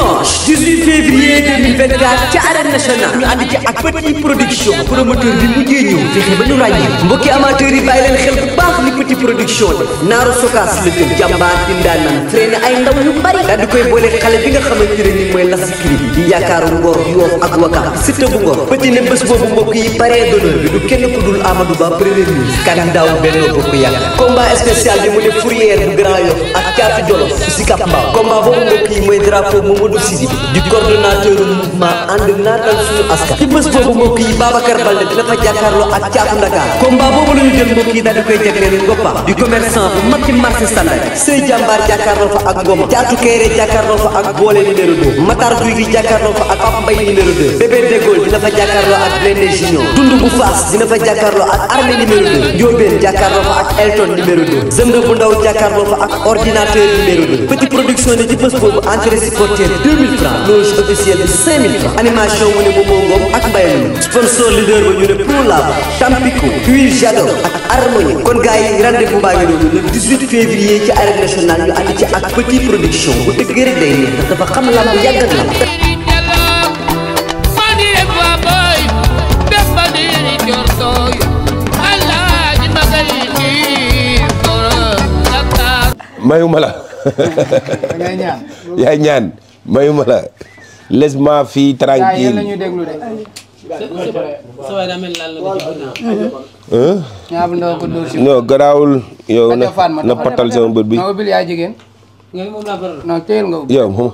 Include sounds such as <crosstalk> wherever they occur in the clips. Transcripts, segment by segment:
dimanche 18 février 2024 ca arène nationale ñu ànd ci ak petit production promoteur bi mujjee ñëw fexe ba ñu ràññee mbokki amateurs yi bàyyi leen xel bu baax li petit production la naaru sokaas la jël jàmbaar di ndaanaan ay ndaw yu bari daal koy boole xale bi nga xamante ne nii mooy lasikiri di yaakaaru ngor yoof ak wakam sita bu ngor petit ne bés boobu mbokk yi parrain d'honneur bi kenn ku dul Amadou Ba premier ministre candidat Benno Bokk Yaakaar combat mooy drapeau Mamadou Sidi di coordonnateur mouvement ànd naatal suñu askan ci bés boobu mbokk yi Babacar Balde dina fa jàkkaarloo ak caatu Ndakaar combat boobu la ñu jël yi daal koy jagleel Ngoppa di commerçant bu fa ak Ngoma caatu Kéré jàkkaarloo fa ak Boole numéro 2 Matar Guy gi jàkkaarloo fa ak Pape Mbaye numéro 2 Bébé Dégol dina fa jàkkaarloo ak Blende Junior Tund bu Faas fa ak Elton numéro 2 Zemre bu Ndaw jàkkaarloo fa ak ordinateur numéro 2 Petit entrée supporter 2000 francs loge officielle bi animation mu ne Momo Ngom sponsor leader ba ñu Pro Lab Tampico Huile Jador ak Harmonie kon gars yi rendez-vous baa ngi noonu le 18 février ci ak Petit Production bu dëgg rek day neex dafa da ngay yaay ñaan mayuma la laisse-moi fii tranquille la ñuy déglu de. non garaawul yow na na patal sama bët bi. non teel nga yow moom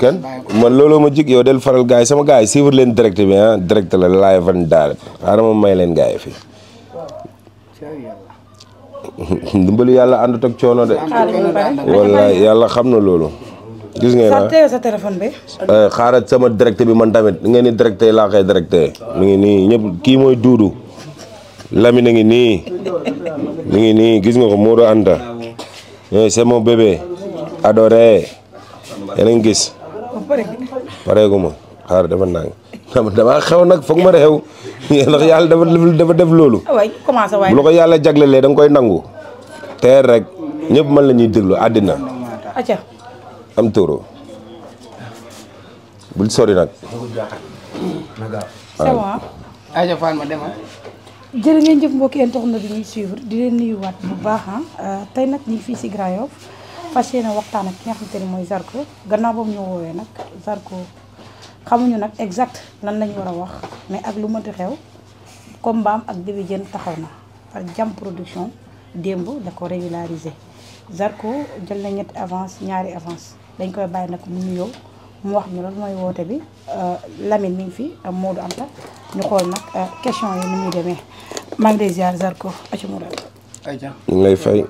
kan man looloo ma jig yow del faral gars sama gars yi leen direct bi ah direct la live and direct xaaral ma may leen gars fi ndimbalu yàlla àndut ak coono de. yàlla xam na loolu. gis ngeen ah téléphone bi. Eh, xaaral sama directeur bi man tamit ngeen ni directeur laa koy directeur mi ngi nii ñëpp kii mooy duudu Lamine a ngi nii mi ngi nii gis nga ko Modou Anta eh, c'est mon bébé adoré yéen a ngi gis pareegu xaar dafa nang damaa xew nag foog ma reew <laughs> ndax yàlla dafa dafa def loolu ah bu la ko yàlla jaglelee da nga koy nangu teer rek ñëpp mën la ñuy déglu àddina am tóoro bul sori nag waaw ah. aja Fane ma demal jërë ngeen jëf mbokki internet bi ñuy suivre di leen nuyuwaat bu baax ah. euh, tey nag ñu ngi fii si Grand waxtaan ak ki nga xamante mooy Zarko gannaaw boobu ñu woowee nag Zarko xamuñu nag exact lan lañu war a wax mais ak lu mënti xew comme mbaam ak Bébé Diène taxaw na par jam production démb da ko régulariser Zarko jël na ñetti avance ñaari avance dañ koy bàyyi nag mu yow mu wax ñu lan mooy woote bi euh, lamin mi ngi fi euh, Modou Anta ñu xool nag euh, question yi ni muy demee maa ngi lay ziar Zarko aca mu lay fay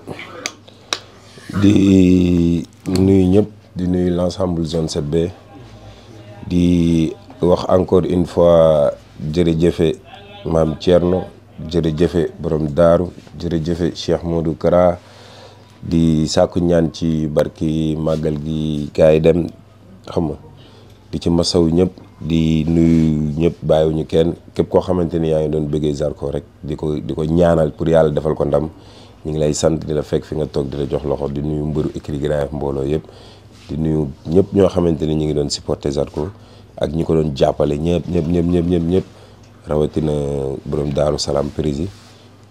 di nuyu ñëpp di nuyu l'ensemble zone 7B di wax encore une fois jërëjëfe maam Thierno jërëjëfe borom daaru jërëjëfe Cheikh du Kara di sàkku ñaan ci barki màggal gi kaay dem xam nga di ci masaw ñëpp di nuyu ñëpp bàyyiwuñu kenn képp koo xamante ni yaa ngi doon bëggee Zarko rek di ko di ko ñaanal pour yàlla defal ko ndam ñu ngi lay sant di la fekk fi nga toog di la jox loxo di nuyu mbëru écrit Grand Yoff mbooloo yëpp di nuyu ñëpp ñoo xamante ni ñu ngi doon supporter Zarko ak ñi ko doon jàppale ñëpp ñëpp ñëpp ñëpp ñëpp ñëpp rawatina borom Daaru Salaam prési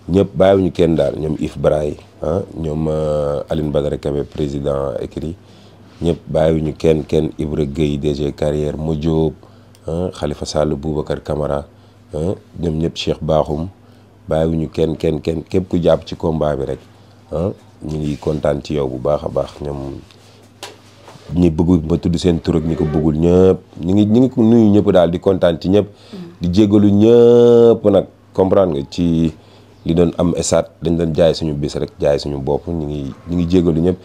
ñëpp bàyyiwuñu kenn daal ñoom If Braay ah ñoom euh, Aline Badara Kebe président écrit ñëpp bàyyiwuñu kenn kenn Ibra Gueye DG carrière mu Diop ah, Khalifa Sall Boubacar Camara ah, ñoom ñëpp Cheikh Bakhoum bàyyiwuñu kenn kenn kenn képp ku jàpp ci combat bi rek ah ñu ngi kontaan ci yow bu baax a baax ñi bëgg ma tudd seen tur ak ñi ko bëggul ñëpp ñu ngi ñu ngi ñëpp daal di kontaan ci ñëpp. di jégalu ñëpp nag comprendre nga ci li doon am esaat dañ doon jaay suñu bis rek jaay suñu bopp ñu ngi ñu ngi jégalu ñëpp.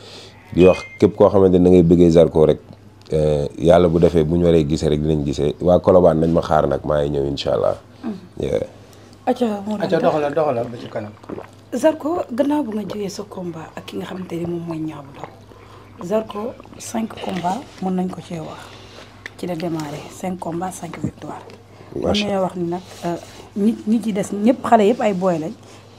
di wax képp koo xamante ne da ngay bëggee Zarko rek eh, yàlla bu defee bu ñu waree gisee rek dinañ gisee waa Colobane nañ ma xaar nag maa ngi ñëw incha allah. acca moo doxalal doxalal ba ci kanam. Zarko gannaaw bu nga jógee sa combat ak ki nga xam ne moom mooy Niang bu Ndaw Zarko cinq combats mën nañ ko cee wax ci la démarré cinq combats cinq wax ni nag nit euh, ñi ci des ñëpp xale yëpp ay booy lañ.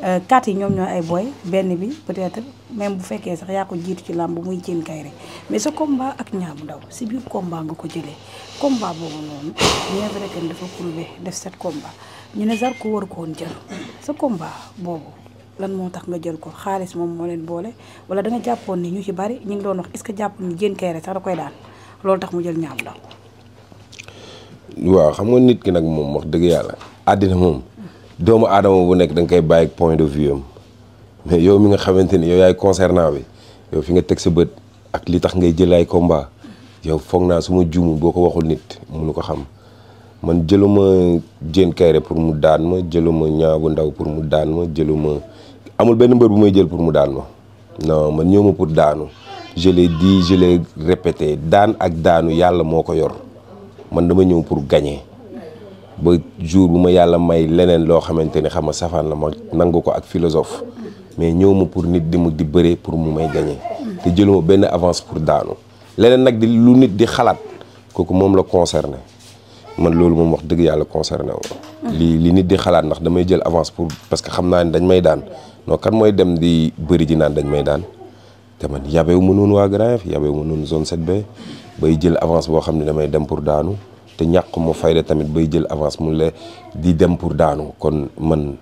Euh, quatre yi ñoom ñooy ay booy benn bi peut-être même bu fekkee sax yaa jiitu ci làmb muy jéem kayre mais sa combat ak Niang bu Ndaw si biir combat nga ko jëlee combat boobu noonu bien vrai que dafa prouvé def set combat ñu ne Zarko war ko woon sa combat boobu. lan moo tax nga jël ko xaalis moom moo leen boole wala da nga jàppoon ni ñu ci bari ñu ngi doon wax est-ce que jàppoon ni jéen kayre sax da koy daan loolu tax mu jël ñaam ndaw xam nga nit ki nag moom wax dëgg yàlla àddina moom doomu aadama bu nekk da nga koy bàyyi point de vue mais yow mi nga xamante ni yow yaay concernant bi yow fi nga teg sa bët ak li tax ngay jël ay combat yow foog naa su ma juumu ko waxul nit mënu ko xam man jëluma Diène Kaïré pour mu daan ma jëluma Niang Ndaw pour mu daan ma jëluma amul benn mbër bu may jël pour mu daan ma non man ñëw ma pour daanu je l'ai dit je répété daan ak daanu yàlla moo ko yor man dama ñëw pour gagner ba jour bu ma yàlla may leneen loo xamante ni xam nga safaan la ma nangu ko ak philosophe mais ñëw ma pour nit di mu di bëree pour mu may gagner te jëluma benn avance pour daanu leneen nag di lu nit di xalaat kooku moom la concerné man loolu moom wax dëgg yàlla concerné wu li li nit di xalaat ndax damay jël avance pour parce que xam naa ne dañ may daan non kan mooy dem di bëri ji naan dañ may daan te man yabewu ma noonu waa Grand Yoff yabewu ma noonu zone 7 bay jël avance boo xam ne damay dem pour daanu te ñàkk ma fayda tamit bay jël avance mu la di dem pour daanu kon man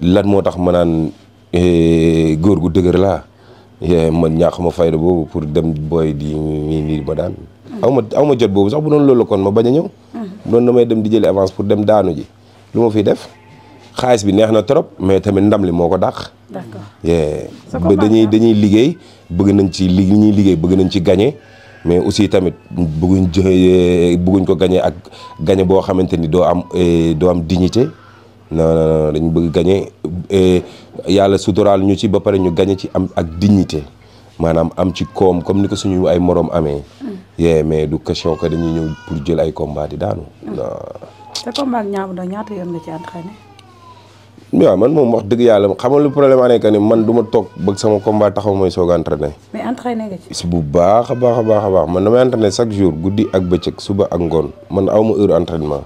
lan moo tax ma naan eh, góor gu dëgër laa eh, man ñàkk ma fayda boobu pour dem booy di nii nii ma daan. aw ma aw ma jot boobu sax bu doon loolu kon ma bañ a ñëw. Mm-hmm. bu doon damay dem di jëli avance pour dem daanu ji lu ma fiy def. xaalis bi neex na trop mais tamit ndam li moo ko dàq. dañuy dañuy liggéey bëgg nañ ci li ñuy liggéey bëgg nañ ci gañe mais aussi tamit bëgguñ bëgguñ ko gañe ak gañe boo xamante ni doo am eh, doo am dignité non non dañu bëgg gagné eh, yàlla suturaal ñu ci ba pare ñu gagné ci am ak dignité maanaam am ci koom comme ni ko suñu ay moroom amee. Mm. yee mais du question que dañuy ñëw pour jël ay combat di daanu. Mm. non. te combat ak waaw man moom wax dëgg yàlla xamal lu problème a nekk ni man du ma toog bëgg sama combat taxaw mooy soog a entraîné. bu baax a baax a baax a baax man damay entraîné chaque jour guddi ak bëccëg suba ak ngoon man aw ma heure entraînement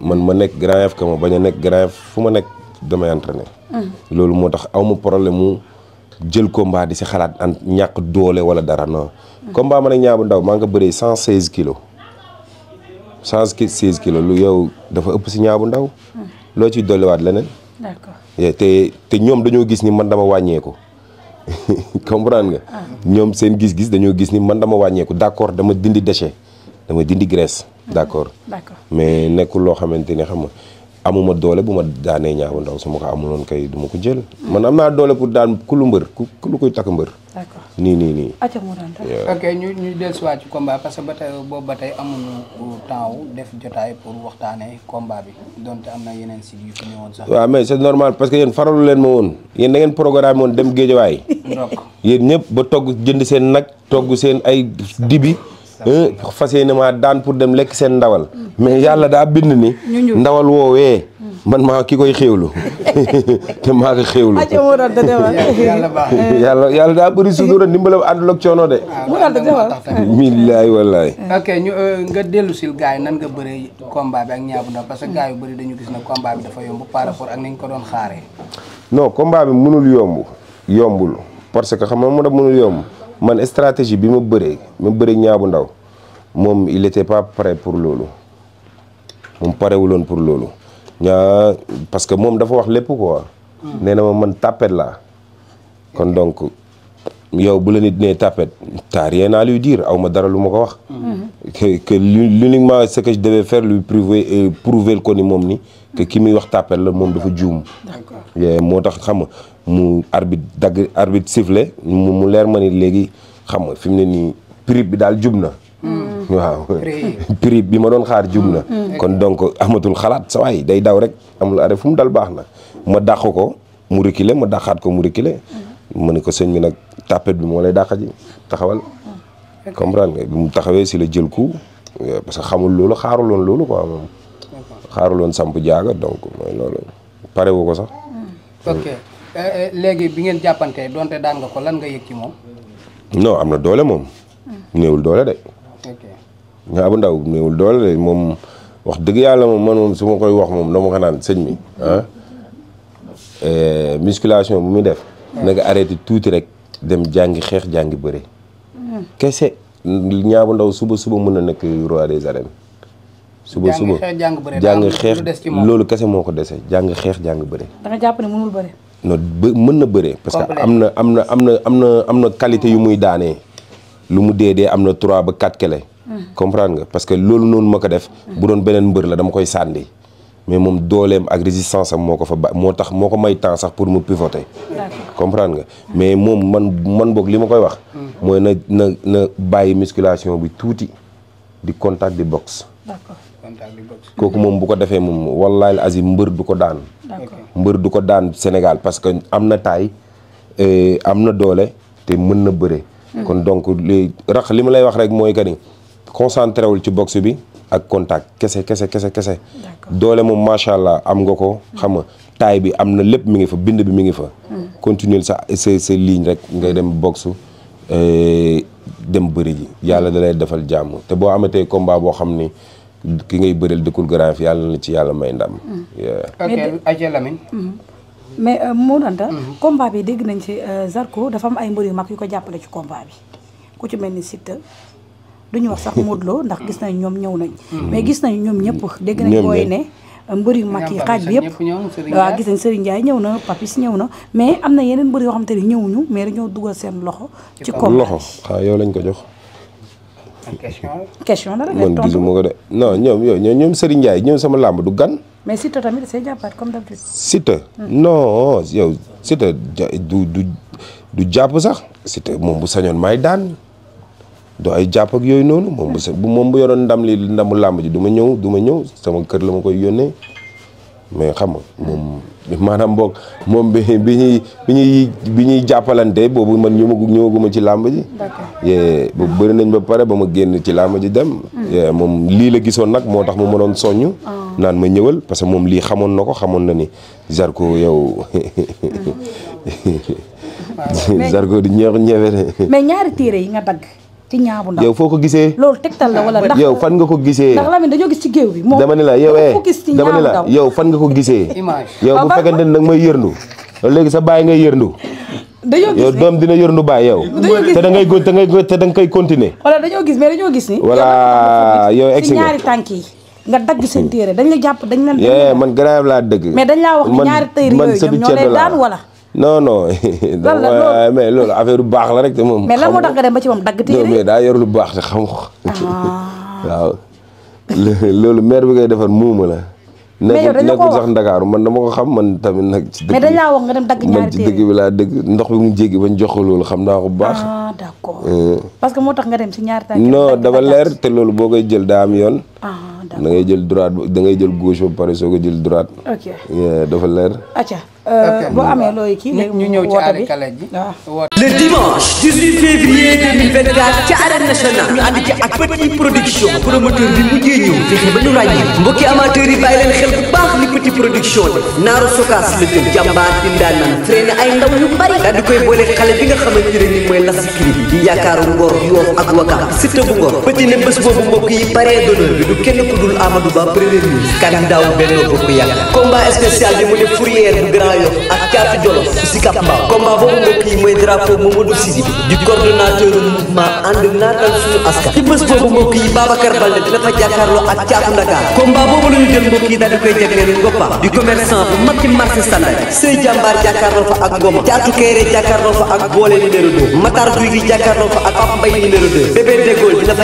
man ma nekk grand F ka ma bañ a nekk grand F fu ma nekk damay entraîné. Mm. loolu moo tax aw ma problème mu jël combat di si xalaat an ñàkk doole wala dara non. Mm. combat ma ak Niang bu Ndaw maa nga bëree cent seize kilos cent seize kilos lu yow dafa ëpp si Niang bu Ndaw. Mm. loo ciy dolliwaat leneen. te te ñoom dañoo gis ni man dama wàññeeku <laughs> comprendre nga. Ah. ñoom seen gis-gis dañoo gis ni man dama wàññeeku d'accord dama dindi déchet dama dindi graisse. Mhm. d'accord d'accord mais nekkul loo xamante ne xam nga amuma doole bu ma daanee ñaaw ndaw su ma ko amuloon kay du ko jël. Mm. man am naa doole pour daan ku lu mbër ku lu koy takk mbër. d'accord nii nii nii. acca mu daan ñu ñu dellusiwaat parce que ba tey boobu ba tey amuñu temps wu def jotaay pour waxtaanee combat bi donte am na yeneen sites yu fi ñëwoon sax. waaw mais c'est normal parce que yéen faralu leen ma woon yéen da ngeen programme woon dem géejawaay. yéen ñëpp ba togg jënd seen nag togg seen ay dibi. fas yéene ma daan pour dem lekk seen ndawal. mais yàlla daa bind ni. ndawal woowee. man maa ki koy xéewlu <laughs> te maa ko xéewlu <laughs> yàlla yàlla daa bëri sutura ndimbalam àndul ak coono de ah, billaay wallaay ok euh, nga dellu sil gars yi nan nga bëree combat bi ak Niang Ndaw parce que gars yu bëri dañu gis na combat bi dafa yomb par rapport ak nañ ko doon xaaree non combat bi mënul yomb yombul parce que xam nga mu mënul yomb man stratégie bi ma bëree ma bëree Niang bu Ndaw moom il était pas prêt pour loolu moom parewuloon pour loolu parce que moom dafa wax lépp quoi. nee na ma man tapet laa. kon donc yow bu la nit nee tapet t'as rien à lui dire aw ma dara lu ma ko wax. que que l'uniquement ce que je devais faire prouver euh, prouver ko ni moom ni que ki muy wax tapet la moom dafa juum. moo tax xam nga mu arbitre dagg arbitre sifflé mu leer ma ni léegi xam nga fi mu ne nii prix bi daal jub na. Hmm. waaw prix bi ma doon xaar jub na mm. Mm. kon donc amatul xalaat sa waay day daw rek amul arrêt fu mu dal baax na ma dàq ko mu reculer ma dàqaat ko mu reculer mm. ma ne ko sëñ bi nag tapet bi moo lay dàq ji taxawal comprendre nga bi mu taxawee si la jël ko euh, parce que xamul loolu xaaruloon loolu quoi moom xaaruloon samp jaaga donc mooy ko sax ok euh, euh, léegi bi ngeen jàppante donte daan nga ko lan nga yëg ci moom am na doole moom néewul doole de nga ndaw néewul doole moom wax dëgg yàlla moom man moom su ma koy wax moom dama ko naan sëñ mi ah eh, musculation bu muy def na nga arrêté tuuti rek dem jàngi xeex jàngi bëre kese ñaabu ndaw suba suba mën na nekk roi des arènes suba suba jàng xeex loolu kese moo ko dese jàng xeex jàng bëre da nga jàpp ne bëre non mën na bëre parce que am na am na am na am na am na qualité yu muy daanee lu mu dee dee am na trois ba quat kele comprendre nga parce que loolu noonu ma ko def. bu doon beneen mbër la dama koy sànni. mais moom dooleem ak résistance am moo ko fa ba moo tax moo ko may temps sax pour mu pivoter. comprendre nga mais moom man man boog li ma koy wax. mooy na na na bàyyi musculation bi tuuti di contact di boxe. kooku moom bu ko defee moom wallaahi azim mbër du ko daan. mbër du ko daan Sénégal parce que am na taay euh, am na doole te mën na bëre. Hmm. kon donc li rax li ma lay wax rek mooy que concentré wul ci boxe bi ak contact kese kese kese kese. doole moom macha allah am nga ko. Mm. xam nga taay bi am na lépp mu ngi fa bind bi mi ngi fa. Mm. continuer sa sa sa ligne rek ngay dem boxe eh, dem bëri ji yàlla da lay defal jàmm te boo amatee combat boo xam ni. ki ngay bëreel dëkkul garaaf yàlla na ci yàlla may ndam. Mm. ok Adja Lamine. Mm-hmm. mais euh, Modou Anta. Mm-hmm. combat bi dégg nañ ci euh, Zarko dafa am ay mbër yu mag yu ko jàppale ci combat bi ku ci mel ni Siteu duñu wax sax Modou loo ndax gis nañ ñoom ñëw nañ mm-hmm. mais gis nañ ñoom ñëpp mm-hmm. dégg nañ booy ne uh, mbër yu mag yi xaaj bi yëpp waaw gis nañ Serigne Ndiaye ñëw na Papis ñëw na mais am na yeneen mbër yoo xam te ne ñëwuñu mais dañoo dugal seen loxo ci kom loxo yow lañ ko jox question la rek man gisuma ko de non ñoom yooyu ñoom Serigne Ndiaye sama làmb du gan mais Siteu tamit da see jàppaat comme d'habitude Siteu hmm. non yow Siteu du du du jàpp sax Siteu moom bu sañoon maay daan do ay jàpp ak yooyu noonu moom bu bu moom bu yoroon ndam li ndamu làmb ji du ma ñëw du ma ñëw sama kër la ma koy yónnee mais xam nga moom maanaam boog moom bi bi ñuy bi ñuy bi ñuy jàppalante boobu man ñëwagu ñëwaguma ci làmb ji yee bëri nañ ba pare ba ma génn ci làmb ji dem hmm. moom lii la gisoon nag moo tax mu doon soññ oh. naan ma ñëwal parce que moom lii xamoon na ko xamoon na ni Zarko yow <laughs> hmm. Zarko di ñeex ñeewe mais di ñaabu foo ko gisee. loolu tegtal la wala ndax yow fan nga ko gisee. gis ci bi. moom dama ne la yow eh la yow fan nga ko gisee. yow bu fekkente ne nag may yërndu léegi sa baay ngay yërndu. dañoo doom dina yërndu baay yow. te da ngay te ngay te da nga koy continuer. wala dañoo gis mais dañoo gis ni. voilà yow egg si ñaari dañ la jàpp dañ la. man grave laa dëgg. mais dañ laa wax ñaari téere yooyu ñoom ñoo lay daan non non. <laughs> mais loolu affaire bu baax la rek moom. mais lan ci moom dagg téere mais daa yor baax te xam ko. Ah. waaw. <laughs> loolu maire bi koy defar muuma la. mais yow nekkul sax Ndakaaru man dama ko xam man tamit nag. ci dëkk mais dañ ci dëkk bi laa dëgg ndox bi mu jéggi bañ jox ko loolu xam naa ko bu baax. ah d'accord euh. parce que moo tax nga dem si ñaari tànk non dafa leer te loolu boo koy jël daa am yoon. Ah, da ngay jël droite da ngay jël gauche ba pare soo jël droite. ok dafa leer. Euh, boo amee looy kii léegi ñu ñëw ci Allé Kalé ji waaw. le dimanche 18 ci arène nationale ñu ànd ci ak petit production promoteur bi mujjee ñëw fexe ba ñu ràññee mbokki amateurs yi bàyyi leen xel bu baax li petit production la naaru sokaas la jël jàmbaar di ndaanaan freiné ay ndaw yu bari daal koy boole xale bi nga xamante ne nii mooy lasikiri bi di yaakaaru ngor yoof ak wakaam site bu ngor petit ne bés boobu mbokk yi parrain d'honneur bi du kenn ku dul Ba premier ministre candidat wu Benno Bokk Grand Yoff ak Caatu Jolof Sicap Mbao combat boobu mbokk yi mooy drapeau Mamadou Sidibé di coordonnateur mouvement ànd naatal suñu askan ci bés boobu mbokk yi Babacar Balde dina fa boobu la ñu jël mbokk yi daal di koy jagleel Ngoppa di commerçant bu mag ci marché Sandaga Sey Jàmbaar fa ak Ngoma Caatu Kéré jàkkaarloo fa ak Boole numéro 2 Matar Guy gi fa ak Pape numéro 2 Bébé Dégol dina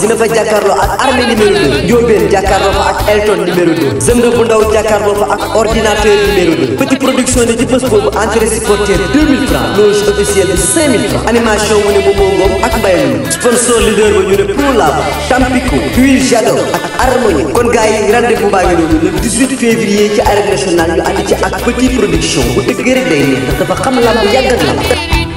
dina fa jàkkaarloo ak Armée numéro 2 Njóobeen jàkkaarloo fa ak Elton numéro 2 ak ordinateur numéro petit production ne ci bés boobu entrée supporter 2000 francs loge officielle animation mu ne Momo ak Mbaye sponsor leader ba ñu ne Pro Tampico Huile Jador ak Harmonie kon gars yi rendez-vous baa ngi noonu le 18 ak petit production bu dëgg rek day neex dafa xam lamb bu yàgg ak lamb